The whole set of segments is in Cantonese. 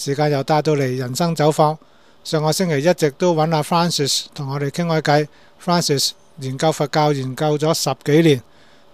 時間又帶到嚟人生走訪。上個星期一直都揾阿 Francis 同我哋傾開偈。Francis 研究佛教研究咗十幾年，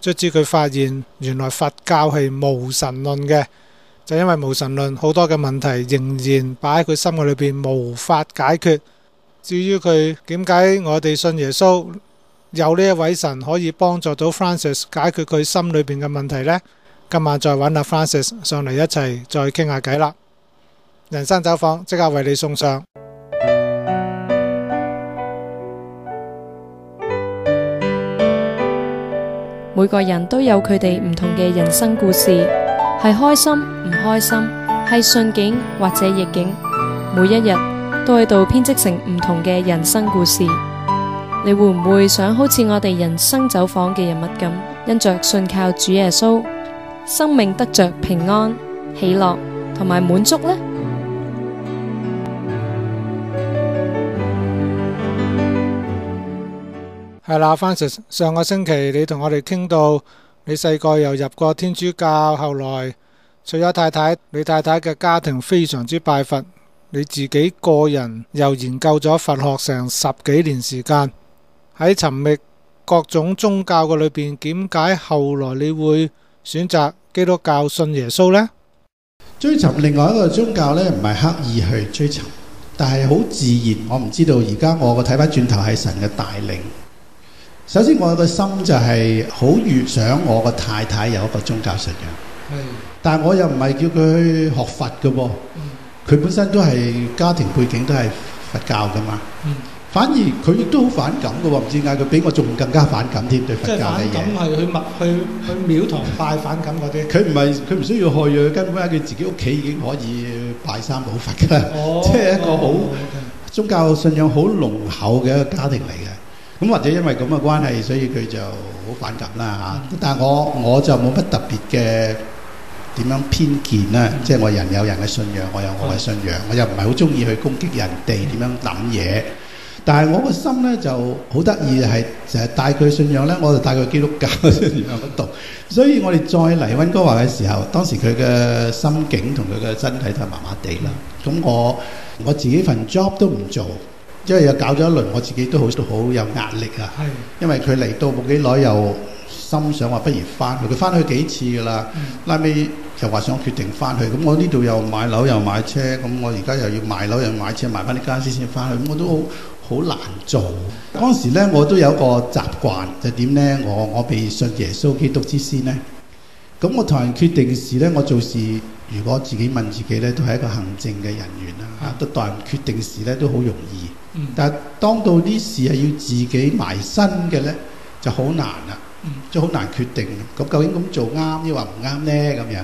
直至佢發現原來佛教係無神論嘅，就因為無神論好多嘅問題仍然擺喺佢心裏邊無法解決。至於佢點解我哋信耶穌有呢一位神可以幫助到 Francis 解決佢心裏邊嘅問題呢？今晚再揾阿 Francis 上嚟一齊再傾下偈啦。人生走訪即刻為你送上。每個人都有佢哋唔同嘅人生故事，係開心唔開心，係順境或者逆境，每一日都喺度編織成唔同嘅人生故事。你會唔會想好似我哋人生走訪嘅人物咁，因着信靠主耶穌，生命得着平安、喜樂同埋滿足呢？係啦，Francis，上個星期你同我哋傾到你細個又入過天主教，後來娶咗太太，你太太嘅家庭非常之拜佛，你自己個人又研究咗佛學成十幾年時間，喺尋覓各種宗教嘅裏邊，點解後來你會選擇基督教信耶穌呢？追尋另外一個宗教呢？唔係刻意去追尋，但係好自然。我唔知道而家我個睇翻轉頭係神嘅帶領。首先我個心就係好願想我個太太有一個宗教信仰，但係我又唔係叫佢去學佛嘅喎，佢本身都係，家庭背景都係佛教㗎嘛，反而佢亦都好反感嘅喎，唔知點解佢比我仲更加反感添，對佛教嚟講。即係反感係去、去、去廟堂拜反感嗰啲。佢唔係， 佢唔需要去，根本喺佢自己屋企已經可以拜三寶佛㗎啦, 即係一個好宗教信仰好濃厚嘅一個家庭嚟嘅。咁或者因為咁嘅關係，所以佢就好反感啦嚇。但係我我就冇乜特別嘅點樣偏見啦。即係、嗯、我人有人嘅信仰，我有我嘅信仰，嗯、我又唔係好中意去攻擊人哋點樣諗嘢。但係我個心咧就好得意係，就帶佢、嗯就是、信仰咧，我就帶佢基督教信仰度。所以我哋再嚟溫哥華嘅時候，當時佢嘅心境同佢嘅身體都係麻麻地啦。咁、嗯、我我自己份 job 都唔做。因為又搞咗一輪，我自己都好好有壓力啊。的因為佢嚟到冇幾耐，又心想話不如翻去。佢翻去幾次噶啦，拉尾又話想決定翻去。咁我呢度又買樓又買車，咁我而家又要賣樓又買車，賣翻啲家俬先翻去。我都好難做。嗰陣時呢，我都有個習慣就點、是、呢？我我被信耶穌基督之先呢。咁我同人決定時呢，我做事如果自己問自己呢，都係一個行政嘅人員啦，嚇的、啊、都同人決定時呢，都好容易。嗯、但係當到啲事係要自己埋身嘅咧，就好難啦，即係好難決定。咁究竟咁做啱，抑或唔啱咧？咁樣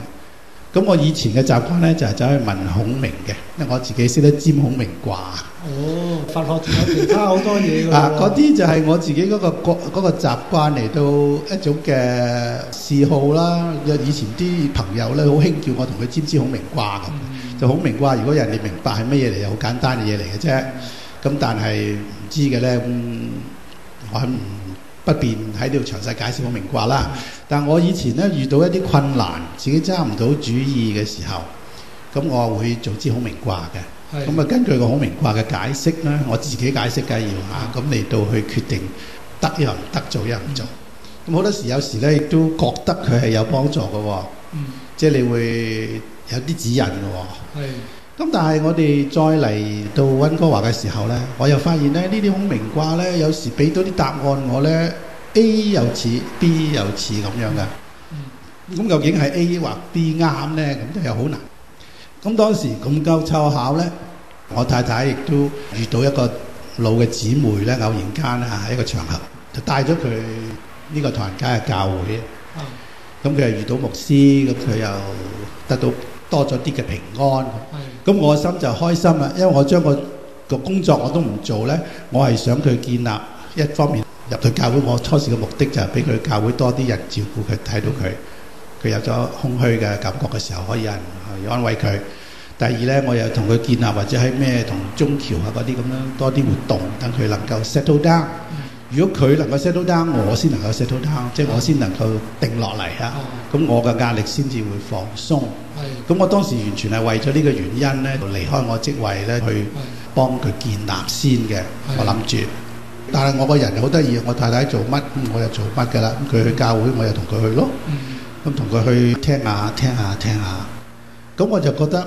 咁我以前嘅習慣咧，就係、係、走去問孔明嘅，因為我自己識得占孔明卦。哦，佛學仲有 其他好多嘢。嗰啲就係我自己嗰、嗰個、嗰個嗰習慣嚟到一種嘅嗜好啦。以前啲朋友咧，好興叫我同佢占知孔明卦咁，嗯、就孔明卦，如果人哋明白係乜嘢嚟，好簡單嘅嘢嚟嘅啫。咁但係唔知嘅咧，我唔不便喺呢度詳細解釋好明卦啦。但係我以前咧遇到一啲困難，自己揸唔到主意嘅時候，咁我會做一支好明卦嘅。咁啊的，根據個好明卦嘅解釋咧，的我自己解釋緊要嚇，咁嚟的到去決定得又唔得，做又唔做。咁好、嗯、多時有時咧，亦都覺得佢係有幫助嘅。嗯，即係你會有啲指引嘅喎。的咁但係我哋再嚟到溫哥華嘅時候咧，我又發現咧呢啲孔明卦咧，有時俾到啲答案我咧，A 又似 B 又似咁樣嘅。咁究竟係 A 或 B 啱咧？咁都又好難。咁當時咁夠湊巧咧，我太太亦都遇到一個老嘅姊妹咧，偶然間啊喺一個場合就帶咗佢呢個唐人街嘅教會。咁佢又遇到牧師，咁佢又得到多咗啲嘅平安。咁我心就開心啦，因為我將個個工作我都唔做呢。我係想佢建立一方面入到教會，我初時嘅目的就係俾佢教會多啲人照顧佢，睇到佢，佢有咗空虛嘅感覺嘅時候，可以有人去安慰佢。第二呢，我又同佢建立或者喺咩同中橋啊嗰啲咁樣多啲活動，等佢能夠 settle down。如果佢能夠 settle down，我先能夠 settle down，即係我先能夠定落嚟嚇，咁我嘅壓力先至會放鬆。咁我當時完全係為咗呢個原因呢，離開我職位呢，去幫佢建立先嘅，我諗住。但係我個人好得意，我太太做乜，我又做乜㗎啦。佢去教會，我又同佢去咯。咁同佢去聽下聽下聽下，咁我就覺得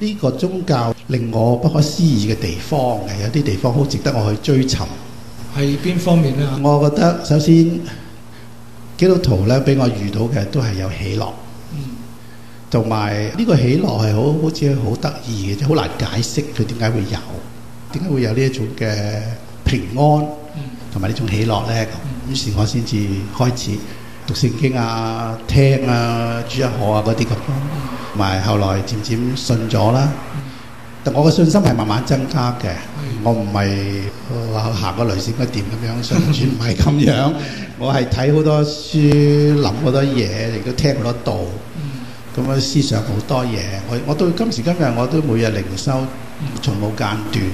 呢個宗教令我不可思議嘅地方，係有啲地方好值得我去追尋。係邊方面咧？我覺得首先基督徒咧，俾我遇到嘅都係有喜樂，嗯，同埋呢個喜樂係好好似好得意嘅，即係好難解釋佢點解會有，點解會有呢一種嘅平安，同埋呢種喜樂咧。於、嗯、是我先至開始讀聖經啊、聽啊、主日、嗯、學啊嗰啲咁，同埋後來漸漸信咗啦。我嘅信心係慢慢增加嘅，的我唔係話行個雷先應該點咁樣，完全唔係咁樣。 我係睇好多書，諗好多嘢，亦都聽好多道。咁、嗯、樣思想好多嘢。我我到今時今日，我都每日靈修，嗯、從冇間斷。的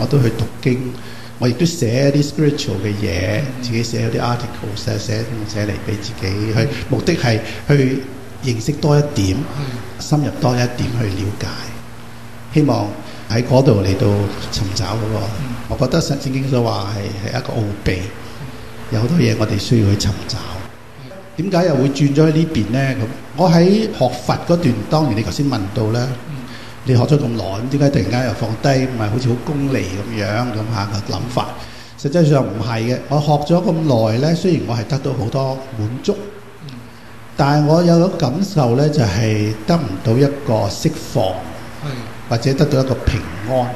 我都去讀經，我亦都寫啲 spiritual 嘅嘢，嗯、自己寫啲 articles 寫寫寫嚟俾自己去，目的係去認識多一點，嗯、深入多一點去了解。希望喺嗰度嚟到尋找嗰個，我覺得《聖經》所話係係一個奧秘，有好多嘢我哋需要去尋找。點解又會轉咗喺呢邊咧？咁我喺學佛嗰段，當然你頭先問到咧，你學咗咁耐，咁點解突然間又放低？唔係好似好功利咁樣咁嚇個諗法。實際上唔係嘅，我學咗咁耐咧，雖然我係得到好多滿足，但係我有個感受咧，就係得唔到一個釋放。或者得到一個平安，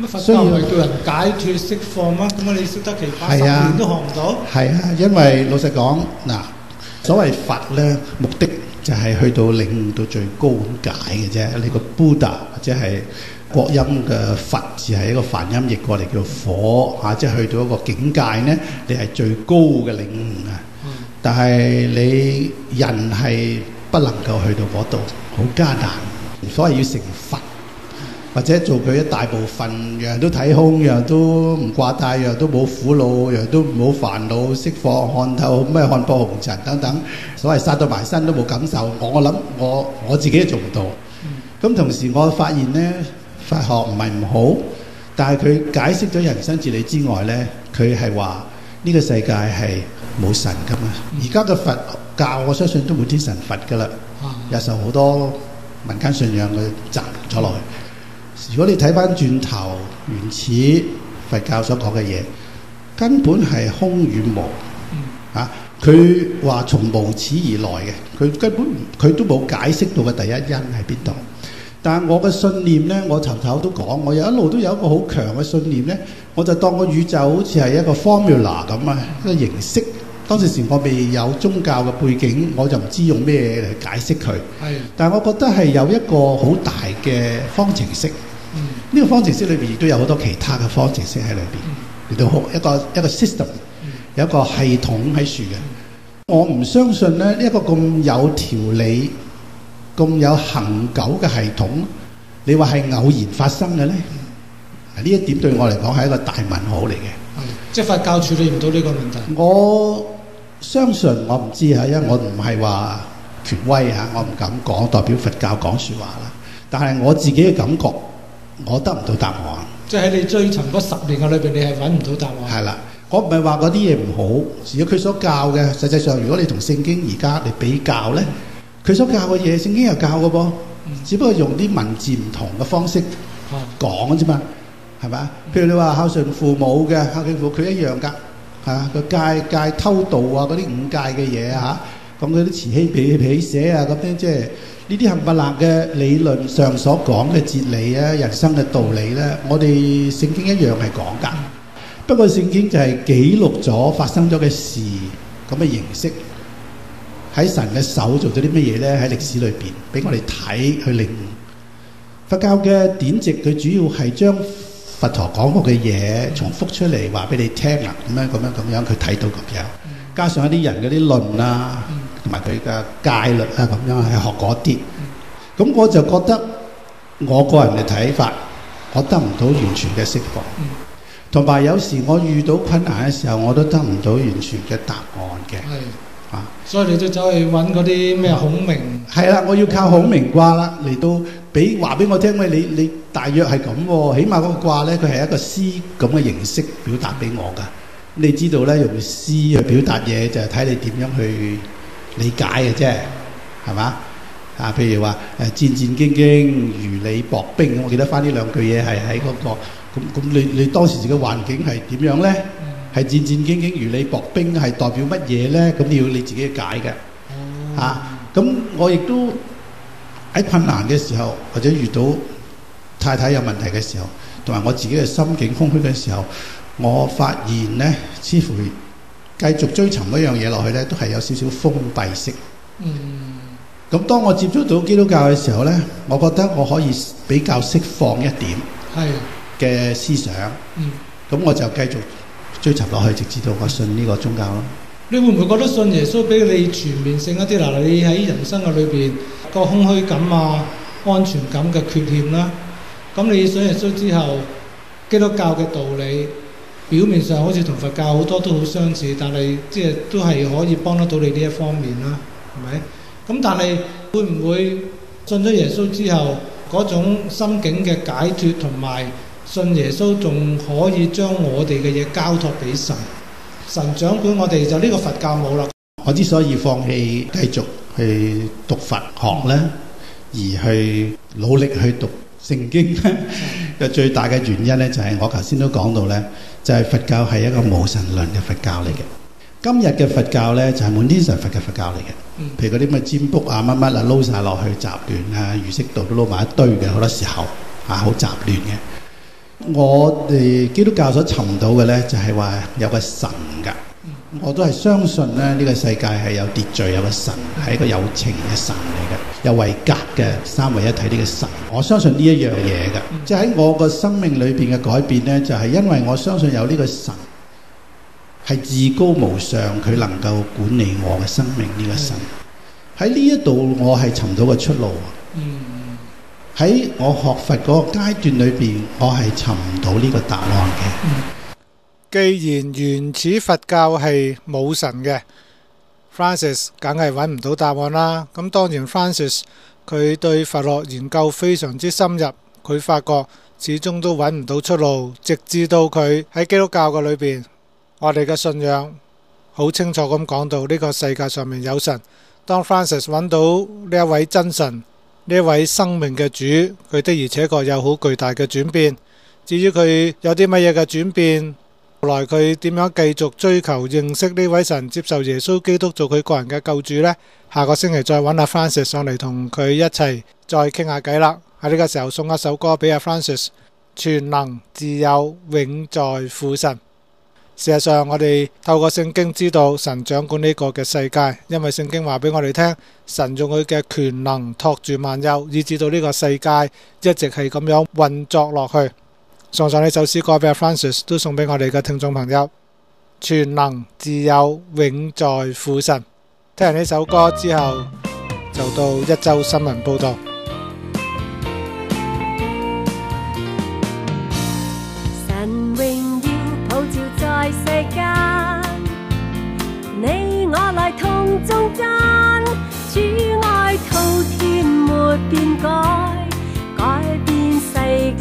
乜佛教咪叫人解脫釋放嗎？咁你識得其他十年都學唔到。係啊，因為老實講，嗱，所謂佛咧，目的就係去到領悟到最高解嘅啫。你個 Buddha 或者係國音嘅佛字係一個梵音譯過嚟叫火嚇，即係去到一個境界咧，你係最高嘅領悟啊！但係你人係不能夠去到嗰度，好艱難。所以要成佛。或者做佢一大部分，樣都睇空，樣都唔掛帶，樣都冇苦惱，樣都冇煩惱，釋放、看透咩看破紅塵等等。所謂殺到埋身都冇感受，我諗我我自己都做唔到。咁同時我發現咧，佛學唔係唔好，但係佢解釋咗人生哲理之外咧，佢係話呢個世界係冇神㗎嘛。而家嘅佛教我相信都冇天神佛㗎啦，有時候好多民間信仰佢集咗落去。如果你睇翻轉頭原始佛教所講嘅嘢，根本係空與無、嗯、啊！佢話從無始而來嘅，佢根本佢都冇解釋到嘅第一因喺邊度。但係我嘅信念呢，我頭頭都講，我有一路都有一個好強嘅信念呢，我就當個宇宙好似係一個 formula 咁啊，嗯、一個形式。當時時我未有宗教嘅背景，我就唔知用咩嚟解釋佢。係。但係我覺得係有一個好大嘅方程式。呢個方程式裏邊亦都有好多其他嘅方程式喺裏邊，亦都好一個一個 system、嗯、有一個系統喺樹嘅。嗯、我唔相信咧，呢一個咁有條理、咁、嗯、有恒久嘅系統，你話係偶然發生嘅咧？呢、嗯、一點對我嚟講係一個大問號嚟嘅。嗯、即係佛教處理唔到呢個問題。我相信我唔知啊，因為我唔係話權威啊，我唔敢講代表佛教講説話啦。但係我自己嘅感覺。我得唔到答案，即係喺你追尋嗰十年嘅裏邊，你係揾唔到答案。係啦，我唔係話嗰啲嘢唔好，如果佢所教嘅，實際上如果你同聖經而家嚟比較咧，佢所教嘅嘢，聖經又教嘅噃，只不過用啲文字唔同嘅方式講啫嘛，係咪啊？譬如你話孝順父母嘅孝敬父，佢一樣㗎，嚇佢戒戒偷盜啊嗰啲五戒嘅嘢嚇，講嗰啲慈悲俾俾寫啊咁樣即係。呢啲冚唪唥嘅理論上所講嘅哲理啊、人生嘅道理咧，我哋聖經一樣係講㗎。不過聖經就係記錄咗發生咗嘅事咁嘅形式，喺神嘅手做咗啲乜嘢咧？喺歷史裏邊俾我哋睇去領悟。佛教嘅典籍佢主要係將佛陀講過嘅嘢重複出嚟話俾你聽啦，咁樣咁樣咁樣佢睇到咁樣，加上一啲人嗰啲論啊。埋佢嘅戒律啊，咁樣係學嗰啲。咁我就覺得，我個人嘅睇法，我得唔到完全嘅釋放。同埋有時我遇到困難嘅時候，我都得唔到完全嘅答案嘅。係啊，所以你都走去揾嗰啲咩孔明？係啦，我要靠孔明卦啦嚟到俾話俾我聽，喂，你你大約係咁喎。起碼嗰個卦咧，佢係一個詩咁嘅形式表達俾我㗎。咁你知道咧，用詩去表達嘢，就係睇你點樣去理解嘅啫，係嘛？啊，譬如話誒，戰戰兢兢，如履薄冰，我記得翻呢兩句嘢，係喺嗰個咁咁，你你當時自己環境係點樣咧？係戰戰兢兢，如履薄冰係代表乜嘢咧？咁你要你自己解嘅。哦，啊，咁我亦都喺困難嘅時候，或者遇到太太有問題嘅時候，同埋我自己嘅心境空虛嘅時候，我發現咧，似乎。繼續追尋表面上好似同佛教好多都好相似，但係即係都係可以幫得到你呢一方面啦，係咪？咁但係會唔會信咗耶穌之後，嗰種心境嘅解脫同埋信耶穌仲可以將我哋嘅嘢交託俾神，神掌管我哋就呢個佛教冇啦。我之所以放棄繼續去讀佛學咧，而去努力去讀聖經咧，嘅最大嘅原因咧就係我頭先都講到咧。就係佛教係一個無神論嘅佛教嚟嘅，今日嘅佛教咧就係、是、滿天神佛嘅佛教嚟嘅。譬、嗯、如嗰啲乜占卜啊、乜乜啊撈晒落去雜亂啊，儒釋道都撈埋一堆嘅，好多時候啊好雜亂嘅。我哋基督教所尋到嘅咧就係、是、話有個神㗎。我都係相信咧，呢、這個世界係有秩序，有個神，係一個有情嘅神嚟嘅，有位格嘅三位一體呢個神。我相信呢一樣嘢嘅，即係喺我個生命裏邊嘅改變呢，就係、是、因為我相信有呢個神係至高無上，佢能夠管理我嘅生命呢、這個神。喺呢一度，我係尋到個出路。嗯。喺我學佛嗰個階段裏邊，我係尋唔到呢個答案嘅。嗯既然原始佛教係冇神嘅，Francis 梗係揾唔到答案啦。咁當然，Francis 佢對佛學研究非常之深入，佢發覺始終都揾唔到出路，直至到佢喺基督教嘅裏邊，我哋嘅信仰好清楚咁講到呢個世界上面有神。當 Francis 揾到呢一位真神，呢一位生命嘅主，佢的而且確有好巨大嘅轉變。至於佢有啲乜嘢嘅轉變？後來佢點樣繼續追求認識呢位神，接受耶穌基督做佢個人嘅救主呢？下個星期再揾阿 Francis 上嚟同佢一齊再傾下偈啦。喺呢個時候送一首歌俾阿 Francis：全能自有永在父神。事實上，我哋透過聖經知道神掌管呢個嘅世界，因為聖經話俾我哋聽，神用佢嘅權能托住萬有，以至到呢個世界一直係咁樣運作落去。送上呢首詩歌俾 Francis，都送俾我哋嘅聽眾朋友。全能自有永在父神，聽完呢首歌之後，就到一周新聞報道。神榮耀普照在世間，你我來同中間，主愛滔天沒變改。